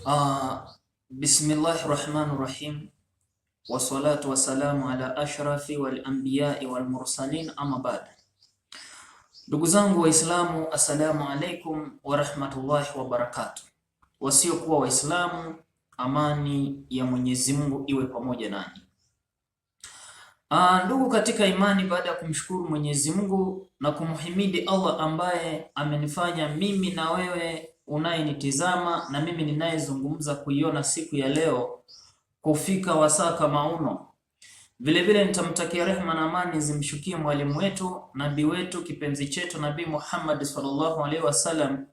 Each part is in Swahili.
Ah, bismillahi rahmani rahim wassalatu wassalamu ala ashrafi walanbiyai walmursalin amma baad. Ndugu zangu Waislamu, assalamu alaikum warahmatullahi wabarakatuh. Wasiokuwa Waislamu, amani ya Mwenyezi Mungu iwe pamoja nani Uh, ah, ndugu katika imani, baada ya kumshukuru Mwenyezi Mungu na kumhimidi Allah ambaye amenifanya mimi na wewe unayenitizama na mimi ninayezungumza kuiona siku ya leo kufika wasaa kama uno. Vilevile nitamtakia rehma na amani zimshukie mwalimu wetu nabii wetu kipenzi chetu Nabii Muhammad sallallahu alaihi wasallam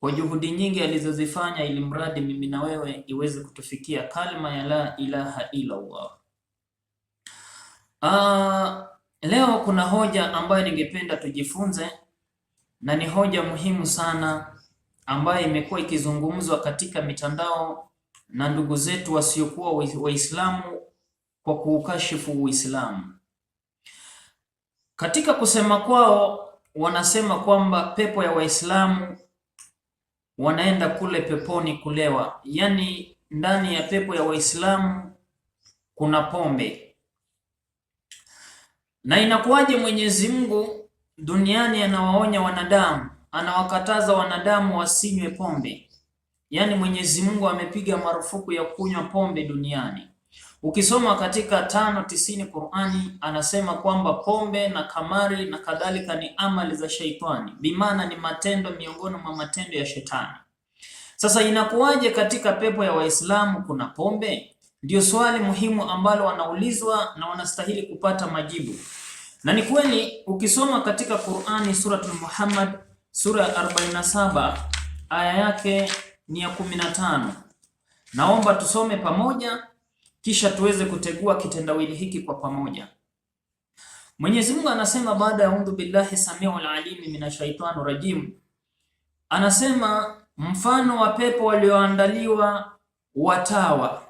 kwa juhudi nyingi alizozifanya ili mradi mimi na wewe iweze kutufikia kalma ya la ilaha illa Allah. Aa, ah, leo kuna hoja ambayo ningependa tujifunze na ni hoja muhimu sana ambayo imekuwa ikizungumzwa katika mitandao na ndugu zetu wasiokuwa Waislamu kwa kuukashifu Uislamu. Katika kusema kwao wanasema kwamba pepo ya Waislamu wanaenda kule peponi kulewa, yaani ndani ya pepo ya Waislamu kuna pombe. Na inakuwaje Mwenyezi Mungu duniani anawaonya wanadamu anawakataza wanadamu wasinywe pombe, yaani Mwenyezi Mungu amepiga marufuku ya kunywa pombe duniani. Ukisoma katika tano tisini Qur'ani anasema kwamba pombe na kamari na kadhalika ni amali za shaitani, bimaana ni matendo miongoni mwa matendo ya shetani. Sasa inakuwaje katika pepo ya Waislamu kuna pombe? Ndio swali muhimu ambalo wanaulizwa na wanastahili kupata majibu. Na ni kweli ukisoma katika Qur'ani suratul Muhammad sura ya 47 aya yake ni ya 15. Naomba tusome pamoja kisha tuweze kutegua kitendawili hiki kwa pamoja. Mwenyezi Mungu anasema baada ya audhu billahi samiul alimi minashaitanu rajim, anasema mfano wa pepo walioandaliwa watawa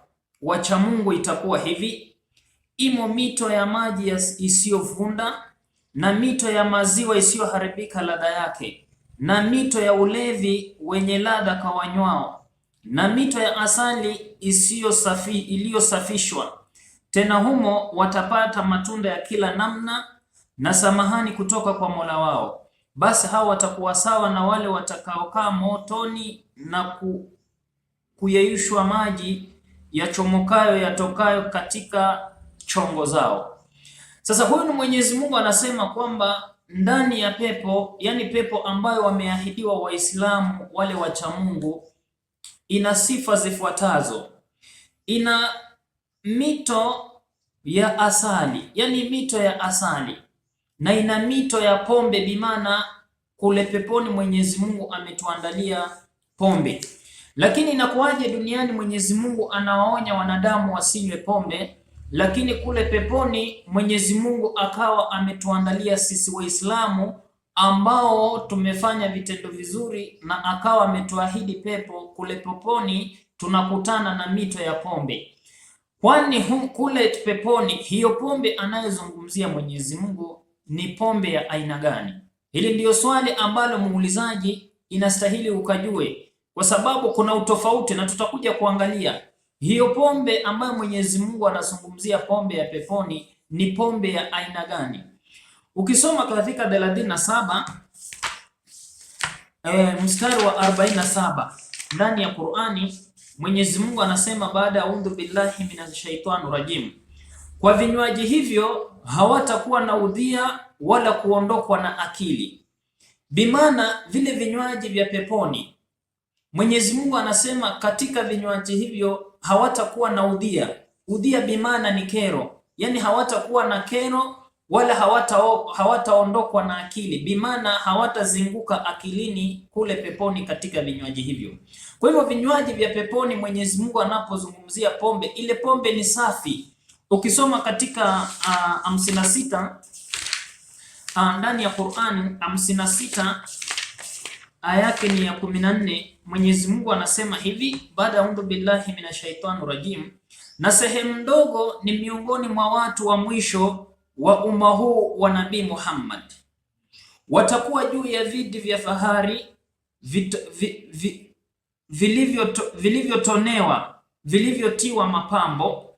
wacha Mungu itakuwa hivi: imo mito ya maji isiyovunda na mito ya maziwa isiyoharibika ladha yake na mito ya ulevi wenye ladha kawanywao, na mito ya asali isiyo safi iliyosafishwa. Tena humo watapata matunda ya kila namna na samahani kutoka kwa Mola wao. Basi hao watakuwa sawa na wale watakaokaa motoni na ku, kuyeyushwa maji yachomokayo yatokayo katika chongo zao. Sasa huyu ni Mwenyezi Mungu anasema kwamba ndani ya pepo, yani pepo ambayo wameahidiwa Waislamu wale wacha Mungu, ina sifa zifuatazo. Ina mito ya asali, yani mito ya asali, na ina mito ya pombe, bimana kule peponi Mwenyezi Mungu ametuandalia pombe. Lakini inakuwaje duniani? Mwenyezi Mungu anawaonya wanadamu wasinywe pombe lakini kule peponi Mwenyezi Mungu akawa ametuandalia sisi Waislamu ambao tumefanya vitendo vizuri, na akawa ametuahidi pepo kule peponi, tunakutana na mito ya pombe, kwani kule peponi hiyo pombe anayozungumzia Mwenyezi Mungu ni pombe ya aina gani? Hili ndiyo swali ambalo muulizaji inastahili ukajue, kwa sababu kuna utofauti na tutakuja kuangalia hiyo pombe ambayo Mwenyezi Mungu anazungumzia pombe ya peponi ni pombe ya aina gani? Ukisoma katika 37 eh, mstari wa 47 ndani ya Qur'ani Mwenyezi Mungu anasema baada ya undhu billahi shaitani rajim, kwa vinywaji hivyo hawatakuwa na udhia wala kuondokwa na akili. Bimana vile vinywaji vya peponi Mwenyezi Mungu anasema katika vinywaji hivyo hawatakuwa na udhia. Udhia bimaana ni kero, yani hawatakuwa na kero wala hawataondokwa hawata na akili, bimaana hawatazunguka akilini kule peponi katika vinywaji hivyo. Kwa hivyo vinywaji vya peponi, Mwenyezi Mungu anapozungumzia pombe, ile pombe ni safi. Ukisoma katika ah, hamsini na sita ah, ndani ya Qur'an hamsini na sita aya yake ni ya 14 Mwenyezi Mungu anasema hivi baada audhu billahi minashaitani rajim, na sehemu ndogo ni miongoni mwa watu wa mwisho wa umma huu wa Nabii Muhammad watakuwa juu ya viti vya fahari vi, vilivyotonewa vilivyo vilivyotiwa mapambo,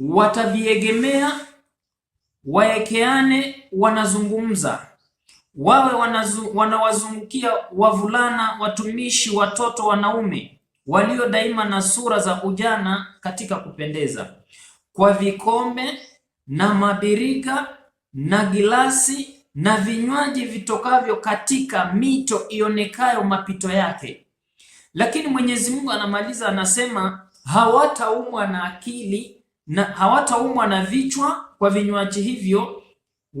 wataviegemea waekeane, wanazungumza wawe wanazu, wanawazungukia wavulana, watumishi, watoto wanaume walio daima na sura za ujana katika kupendeza, kwa vikombe na mabirika na gilasi na vinywaji vitokavyo katika mito ionekayo mapito yake. Lakini Mwenyezi Mungu anamaliza anasema, hawataumwa na akili na hawataumwa na vichwa kwa vinywaji hivyo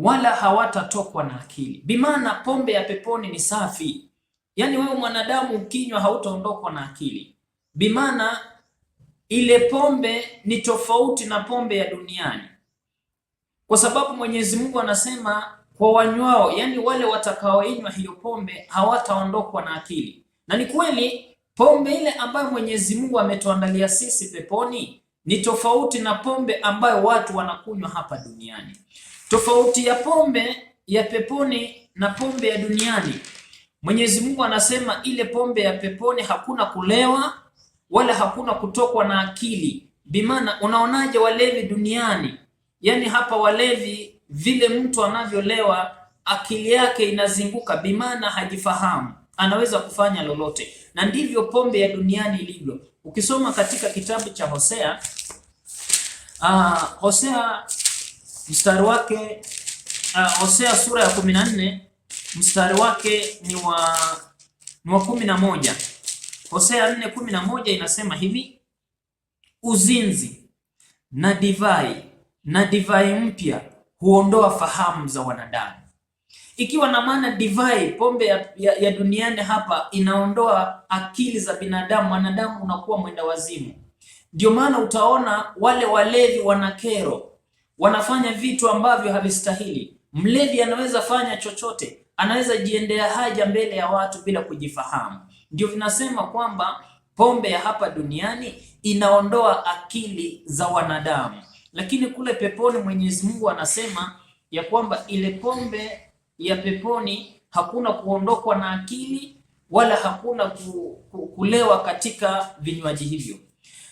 wala hawatatokwa na akili. Bimaana pombe ya peponi ni safi, yaani wewe mwanadamu ukinywa hautaondokwa na akili. Bimaana ile pombe ni tofauti na pombe ya duniani, kwa sababu Mwenyezi Mungu anasema kwa wanywao, yaani wale watakaoinywa hiyo pombe hawataondokwa na akili. Na ni kweli pombe ile ambayo Mwenyezi Mungu ametuandalia sisi peponi ni tofauti na pombe ambayo watu wanakunywa hapa duniani. Tofauti ya pombe ya peponi na pombe ya duniani. Mwenyezi Mungu anasema ile pombe ya peponi hakuna kulewa wala hakuna kutokwa na akili. Bimana, unaonaje walevi duniani? Yaani hapa walevi vile mtu anavyolewa akili yake inazinguka, bimana hajifahamu, anaweza kufanya lolote, na ndivyo pombe ya duniani ilivyo. Ukisoma katika kitabu cha Hosea, uh, Hosea mstari wake uh, Hosea sura ya 14 mstari wake ni wa ni wa 11. Hosea 4:11 inasema hivi: uzinzi na divai na divai mpya huondoa fahamu za wanadamu. Ikiwa na maana divai, pombe ya, ya, ya duniani hapa inaondoa akili za binadamu, wanadamu unakuwa mwenda wazimu. Ndio maana utaona wale walevi wana kero wanafanya vitu ambavyo havistahili. Mlevi anaweza fanya chochote, anaweza jiendea haja mbele ya watu bila kujifahamu. Ndio vinasema kwamba pombe ya hapa duniani inaondoa akili za wanadamu, lakini kule peponi Mwenyezi Mungu anasema ya kwamba ile pombe ya peponi hakuna kuondokwa na akili wala hakuna kulewa katika vinywaji hivyo.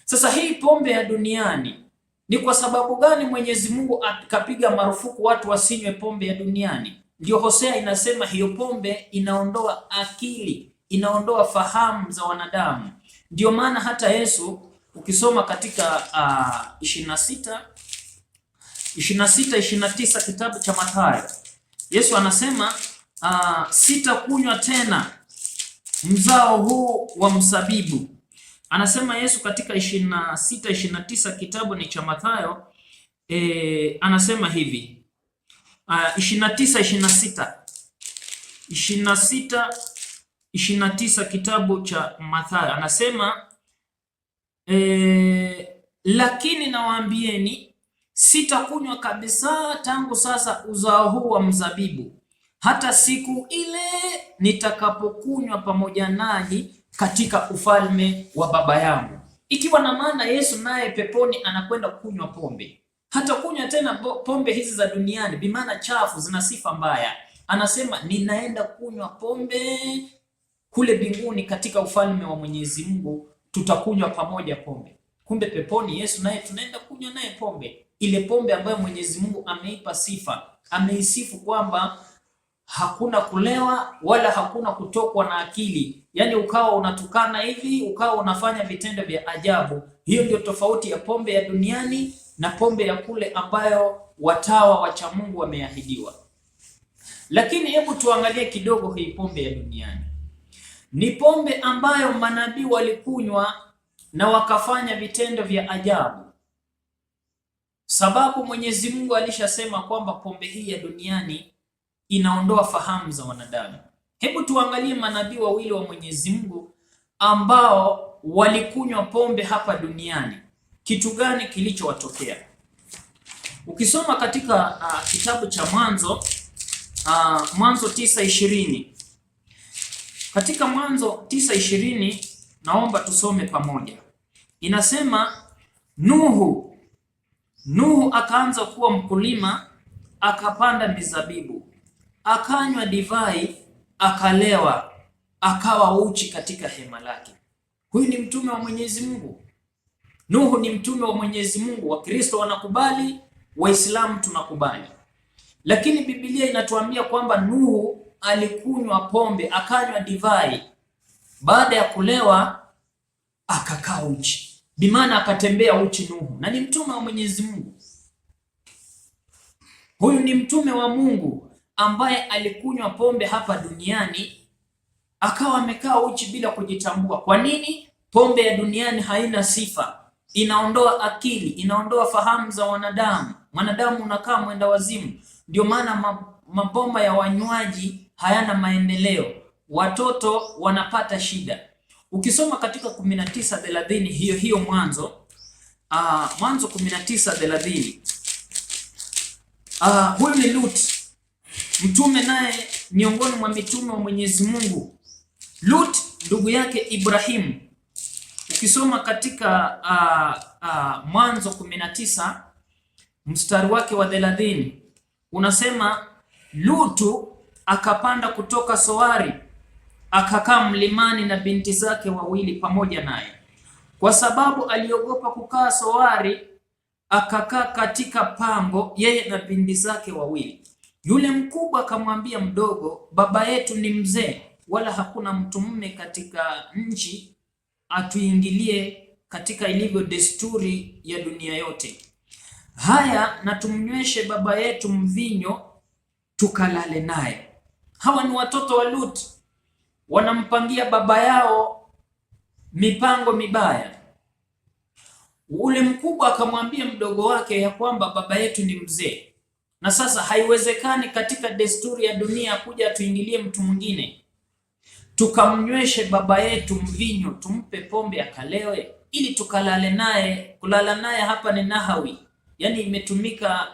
Sasa hii pombe ya duniani ni kwa sababu gani Mwenyezi Mungu akapiga marufuku watu wasinywe pombe ya duniani? Ndio Hosea inasema hiyo pombe inaondoa akili, inaondoa fahamu za wanadamu. Ndio maana hata Yesu ukisoma katika uh, 26 26 29 kitabu cha Mathayo, Yesu anasema uh, sitakunywa tena mzao huu wa msabibu Anasema Yesu katika 26 29 kitabu ni cha Mathayo e, anasema hivi uh, 29 26 26 29 kitabu cha Mathayo anasema e, lakini nawaambieni sitakunywa kabisa tangu sasa uzao huu wa mzabibu hata siku ile nitakapokunywa pamoja nanyi katika ufalme wa Baba yangu, ikiwa na maana Yesu naye peponi anakwenda kunywa pombe, hata kunywa tena pombe hizi za duniani, bimaana chafu, zina sifa mbaya. Anasema ninaenda kunywa pombe kule binguni, katika ufalme wa Mwenyezi Mungu tutakunywa pamoja pombe. Kumbe peponi Yesu naye tunaenda kunywa naye pombe, ile pombe ambayo Mwenyezi Mungu ameipa sifa, ameisifu kwamba hakuna kulewa wala hakuna kutokwa na akili, yaani ukawa unatukana hivi, ukawa unafanya vitendo vya ajabu. Hiyo ndio tofauti ya pombe ya duniani na pombe ya kule ambayo watawa wacha Mungu wameahidiwa. Lakini hebu tuangalie kidogo hii pombe ya duniani. Ni pombe ambayo manabii walikunywa na wakafanya vitendo vya ajabu, sababu Mwenyezi Mungu alishasema kwamba pombe hii ya duniani inaondoa fahamu za wanadamu. Hebu tuangalie manabii wawili wa Mwenyezi Mungu ambao walikunywa pombe hapa duniani, kitu gani kilichowatokea? Ukisoma katika uh, kitabu cha Mwanzo uh, Mwanzo 9:20 katika Mwanzo 9:20 naomba tusome pamoja. Inasema Nuhu Nuhu akaanza kuwa mkulima, akapanda mizabibu akanywa divai, akalewa, akawa uchi katika hema lake. Huyu ni mtume wa Mwenyezi Mungu. Nuhu ni mtume wa Mwenyezi Mungu. Wakristo wanakubali, Waislamu tunakubali, lakini Biblia inatuambia kwamba Nuhu alikunywa pombe, akanywa divai, baada ya kulewa akakaa uchi, bimaana akatembea uchi Nuhu, na ni mtume wa Mwenyezi Mungu. Huyu ni mtume wa Mungu, ambaye alikunywa pombe hapa duniani akawa amekaa uchi bila kujitambua. Kwa nini? Pombe ya duniani haina sifa, inaondoa akili, inaondoa fahamu za wanadamu. Mwanadamu unakaa mwenda wazimu. Ndio maana mabomba ya wanywaji hayana maendeleo, watoto wanapata shida. Ukisoma katika 19:30 hiyo hiyo Mwanzo uh, Mwanzo 19:30 uh, ah, huyu ni Lut mtume naye miongoni mwa mitume wa Mwenyezi Mungu, Lut ndugu yake Ibrahim. Ukisoma katika uh, uh, Mwanzo 19 mstari wake wa 30 unasema Lutu akapanda kutoka Soari akakaa mlimani na binti zake wawili pamoja naye, kwa sababu aliogopa kukaa Soari, akakaa katika pango yeye na binti zake wawili. Yule mkubwa akamwambia mdogo, baba yetu ni mzee, wala hakuna mtu mume katika nchi atuingilie katika ilivyo desturi ya dunia yote. Haya, na tumnyweshe baba yetu mvinyo, tukalale naye. Hawa ni watoto wa Lut, wanampangia baba yao mipango mibaya. Ule mkubwa akamwambia mdogo wake ya kwamba baba yetu ni mzee na sasa haiwezekani katika desturi ya dunia kuja tuingilie mtu mwingine tukamnyweshe baba yetu mvinyo, tumpe pombe akalewe, ili tukalale naye. Kulala naye hapa ni nahawi, yani imetumika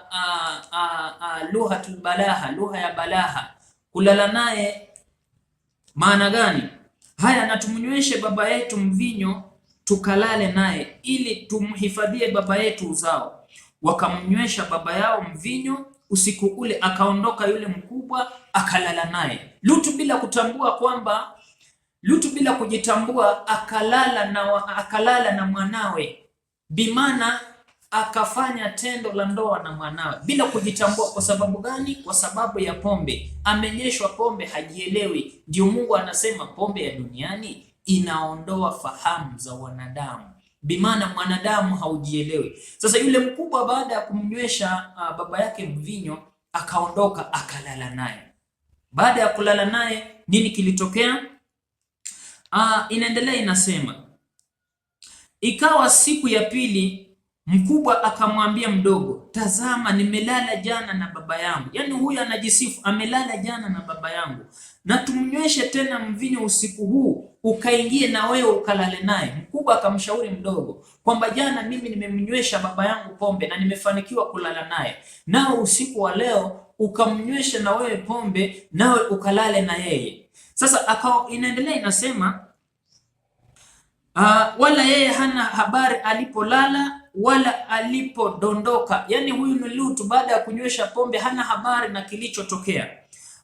lughatul balagha, lugha ya balagha. Kulala naye maana gani? Haya, na tumnyweshe baba yetu mvinyo tukalale naye, ili tumhifadhie baba yetu uzao. Wakamnywesha baba yao mvinyo Usiku ule akaondoka yule mkubwa akalala naye. Lutu bila kutambua kwamba Lutu bila kujitambua akalala na, akalala na mwanawe bimana akafanya tendo la ndoa na mwanawe bila kujitambua. Kwa sababu gani? Kwa sababu ya pombe. Amenyeshwa pombe, hajielewi. Ndio Mungu anasema pombe ya duniani inaondoa fahamu za wanadamu. Bimaana mwanadamu haujielewi. Sasa yule mkubwa baada ya kumnywesha uh, baba yake mvinyo akaondoka akalala naye. Baada ya kulala naye nini kilitokea? Uh, inaendelea inasema, ikawa siku ya pili Mkubwa akamwambia mdogo, tazama, nimelala jana na baba yangu. Yaani huyu anajisifu, amelala jana na baba yangu, na tumnyweshe tena mvinyo usiku huu, ukaingie na wewe ukalale naye. Mkubwa akamshauri mdogo kwamba jana mimi nimemnywesha baba yangu pombe na nimefanikiwa kulala naye, nao usiku wa leo ukamnywesha na wewe pombe, nawe ukalale na yeye. Sasa akao, inaendelea inasema, uh, wala yeye hana habari alipolala wala alipodondoka. Yaani huyu ni Lutu, baada ya kunywesha pombe hana habari na kilichotokea.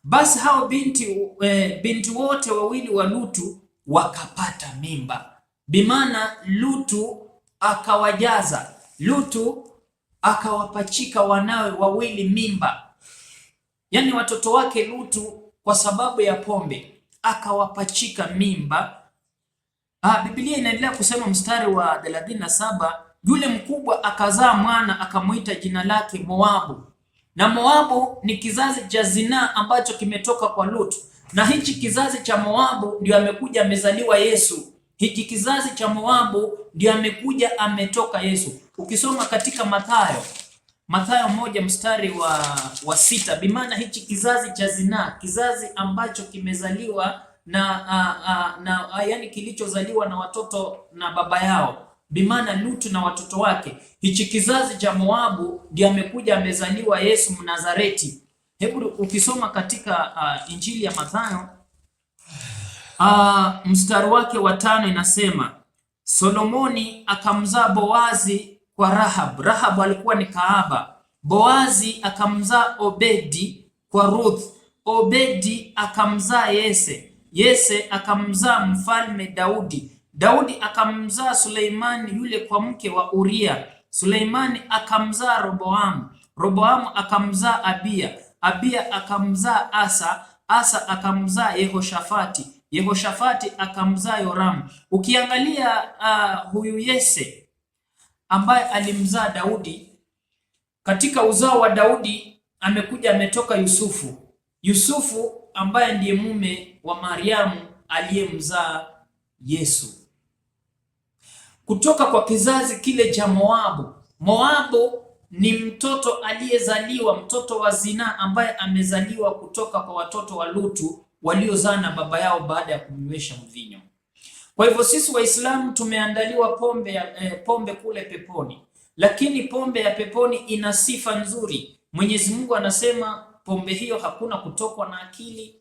Basi hao binti, e, binti wote wawili wa Lutu wakapata mimba, bimaana Lutu akawajaza, Lutu akawapachika wanawe wawili mimba, yaani watoto wake Lutu kwa sababu ya pombe akawapachika mimba. Ah, Biblia inaendelea kusema mstari wa 37 yule mkubwa akazaa mwana akamwita jina lake Moabu, na Moabu ni kizazi cha zinaa ambacho kimetoka kwa lut na hichi kizazi cha Moabu ndio amekuja amezaliwa Yesu. Hiki kizazi cha Moabu ndio amekuja ametoka Yesu. Ukisoma katika Mathayo Mathayo moja mstari wa, wa sita, bimaana hichi kizazi cha zinaa, kizazi ambacho kimezaliwa na, a, a, na a, yani kilichozaliwa na watoto na baba yao Bimana Lutu na watoto wake. Hichi kizazi cha Moabu ndiye amekuja amezaliwa Yesu Mnazareti. Hebu ukisoma katika uh, Injili ya Mathayo uh, mstari wake wa tano inasema Solomoni akamzaa Boazi kwa Rahab. Rahab alikuwa ni kahaba. Boazi akamzaa Obedi kwa Ruth. Obedi akamzaa Yese. Yese akamzaa Mfalme Daudi. Daudi akamzaa Suleimani yule kwa mke wa Uria. Suleimani akamzaa Roboamu. Roboamu akamzaa Abia. Abia akamzaa Asa. Asa akamzaa Yehoshafati. Yehoshafati akamzaa Yoramu. Ukiangalia uh, huyu Yese ambaye alimzaa Daudi, katika uzao wa Daudi amekuja ametoka Yusufu. Yusufu ambaye ndiye mume wa Mariamu aliyemzaa Yesu kutoka kwa kizazi kile cha Moabu. Moabu ni mtoto aliyezaliwa, mtoto wa zinaa ambaye amezaliwa kutoka kwa watoto wa Lutu waliozaa na baba yao baada ya kumnywesha mvinyo. Kwa hivyo sisi Waislamu tumeandaliwa pombe ya, eh, pombe kule peponi, lakini pombe ya peponi ina sifa nzuri. Mwenyezi Mungu anasema pombe hiyo hakuna kutokwa na akili,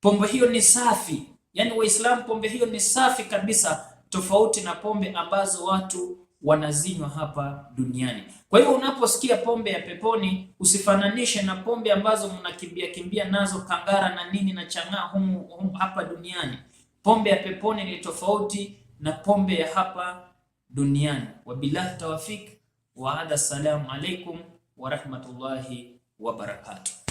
pombe hiyo ni safi. Yaani Waislamu, pombe hiyo ni safi kabisa tofauti na pombe ambazo watu wanazinywa hapa duniani. Kwa hiyo unaposikia pombe ya peponi usifananishe na pombe ambazo mnakimbia kimbia nazo kangara na nini na chang'aa humu, humu hapa duniani. Pombe ya peponi ni tofauti na pombe ya hapa duniani. Wabillahi tawafik wa hada, assalamu alaikum wa barakatuh.